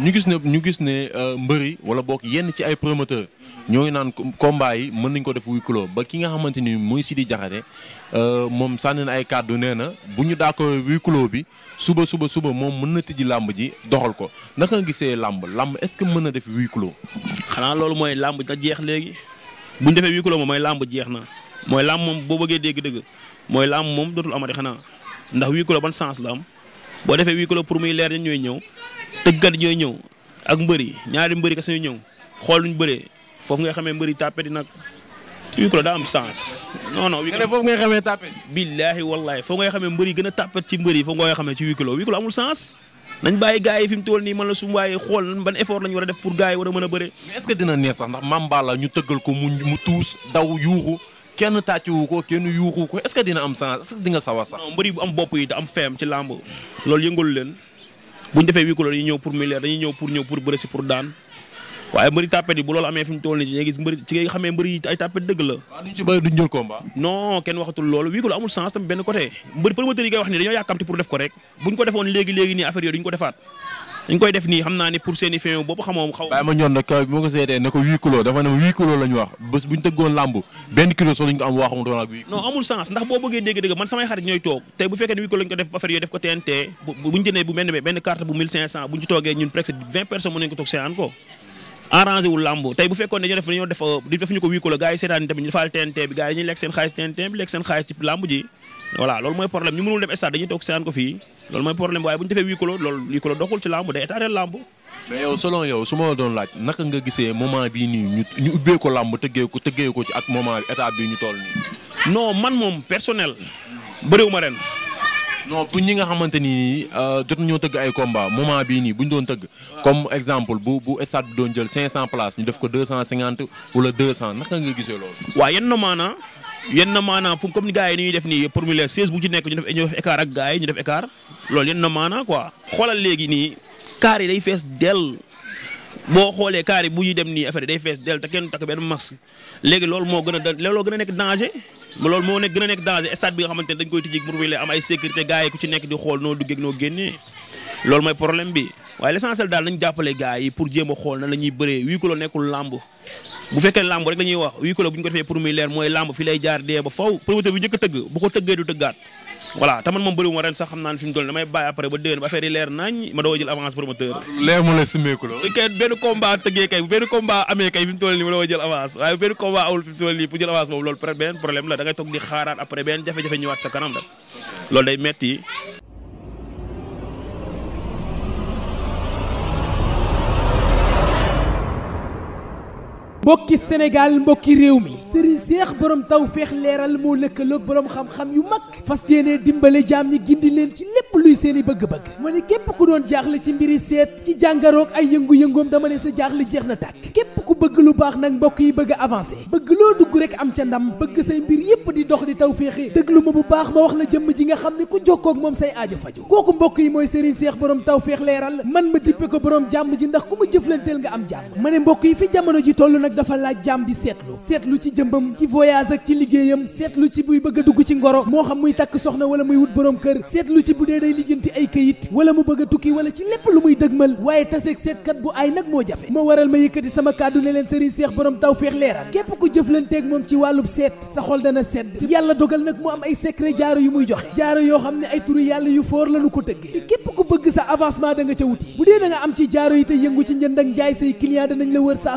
ñu gis ne ñu gis ne euh, mbëri wala boog yenn ci ay promoteur ñoo ngi naan combat yi mën nañ ko def wuy kuloo ba ki nga xamante ni muy Sidi Diakhaté euh, moom sànni na ay kàddu nee na bu ñu daa ko wuy kuloo bi suba suba suba moom mën na tijji làmb ji doxal ko naka nga gisee làmb làmb est-ce que mën na def wuy xanaa loolu mooy làmb da jeex léegi bu ñu defee wuy moom mooy làmb jeex na mooy làmb moom boo bëggee dégg-dëgg mooy làmb moom dootul amati xanaa ndax wuy ban sens la boo defee wuy pour muy leer ñooy ñëw. tëggkat ñooy ñëw ak mbëri ñaari mbëri kese ñuy ñëw xool luñ bëree foofu ngay xamee mbëri tàppet yi nag huis clos daa am sens. non non huis clos foofu ngay xamee tàppet. billaahi wallaahi foofu ngay xamee mbëri gën a tàppet ci mbëri foofu ngay xamee ci huis clos huis clos amul sens. nañ bàyyi gars yi fi nii man la suñu xool ban effort lañ war a def pour gars yi war a mën a bëre. est-ce que dina neex sax ndax Mame ñu tëggal ko mu mu tuus daw yuuxu kenn tàccewu ko kenn yuuxu ko est-ce que dina am sens est-ce que di nga sawar sax. mbëri am bopp yi te am feem ci làmb loolu yëngalu leen bu ñu defee huis clos dañuy ñëw pour milliard dañuy ñëw pour ñëw pour bëre si pour daan waaye mbëri tàppet yi bu loolu amee fi mu toll nii ci ngay gis mbëri ci ngay xamee mbëri ay tàppet dëgg la. non kenn waxatul loolu huis amul sens tamit benn côté mbëri promoteur yi wax ni dañoo yàkkamti pour def ko rek buñ ko defoon léegi léegi nii affaire yooyu duñ ko defaat dañ koy def i fin boobu xamoo xaw bàyyi ma ndax boo bëggee dégg-dégg man samay xarit ñooy toog tey bu fekkee ne huit kilos lañ ko def affaire yooyu def ko TNT bu ñu jëndee bu mel benn carte bu mille cinq cent bu ñu toogee ñun presque vingt personnes mën ko toog seetaan ko arrangé wul tey bu fekkoon dañoo def def euh, defuñu ko huit kilos gars yi seetaan tamit bi gars yi lekk seen xaalis ci làmb ji voilà loolu mooy problème ñu mënul dem stade dañuy toog seetaan ko fii loolu mooy problème waaye bu ñu defee huis clos loolu doxul ci làmb day état làmb mais yow selon yow su ma doon laaj naka nga gisee moment bii nii ñu ñu ubbee ko làmb tëggee ko tëggee ko ci ak moment bi état bi ñu toll nii. non man moom personnel bëriwu ma ren. non pour ñi nga xamante ni euh, jot ñoo tëgg ay moment bii nii bu ñu doon tëgg. comme exemple bu bu stade bi doon jël 500 ñu def ko 250 wala 200 naka nga gisee loolu. waaw yenn maanaa yenn maanaam fu comme gars yi ni ñuy def nii formulaire 16 bu ci nekk ñu def ñu ak gars yi ñu def écart loolu yenn maanaam quoi. xoolal léegi nii kaar yi day fees dell boo xoolee kaar yi bu ñuy dem nii affaire day fees dell te kenn takk benn masque léegi lool moo gën a da loolu gën a nekk danger. loolu moo nekk gën a nekk danger stade bi nga xamante ne dañ koy tijji pour mu am ay sécurité gars yi ku ci nekk di xool noo duggee noo génnee loolu mooy problème bi. waaye l'essentiel daal nañ jàppale gars yi pour jéem a xool na la ñuy bëree huis clos nekkul làmb bu fekkee làmb rek la wax huis ko defee a tëgg bu ko tëggee du tëggaat voilà te jël avance promoteur leer benn problème la da ngay di xaaraat après beneen jafe-jafe ñëwaat sa kanam loolu day metti mbokki Sénégal mbokki réew mi sëriñ seex borom taw feex leeral moo lëkkaloog borom xam-xam yu mag fas yéene dimbale jaam ñi gindi leen ci lépp luy seeni bëgg-bëgg ma ne képp ku doon jaaxle ci mbiri seet ci jàngaroog ay yëngu-yëngoom dama ne sa jaaxle jeex na tàkk képp ku bëgg lu baax nag mbokk yi bëgg a bëgg loo dugg rek am ca ndam bëgg say mbir yépp di dox di taw féexe déglu ma bu baax ma wax la jëmm ji nga xam ne ku jokkoo ak moom say aajo faju kooku mbokk yi mooy sëriñ seex borom taw feex leeral man ma dippe ko borom jàmm ji ndax ku ma jëflanteel nga am jàmm ma ne mbokk yi fi jamono ji toll nag dafa laaj jaam bi seetlu seetlu ci jëmbam ci voyage ak ci liggéeyam seetlu ci buy bëgg dugg ci ngoro moo xam muy takk soxna wala muy wut borom kër seetlu ci bu dee day lijjanti ay këyit wala mu bëgg a tukki wala ci lépp lu muy dëgmal waaye taseeg seetkat bu ay nag moo jafe moo waral ma yëkkati sama kàddu ne leen sëriñ seex borom taw feex leeral képp ku jëflanteeg moom ci wàllub seet sa xol dana sedd yàlla dogal nag mu am ay secret jaaro yu muy joxe jaaro yoo xam ne ay turu yàlla yu foor lanu ko tëggee képp ku bëgg sa avancement da nga wuti bu dee da yi te yëngu ci njënd ak njaay say client danañ la wër saa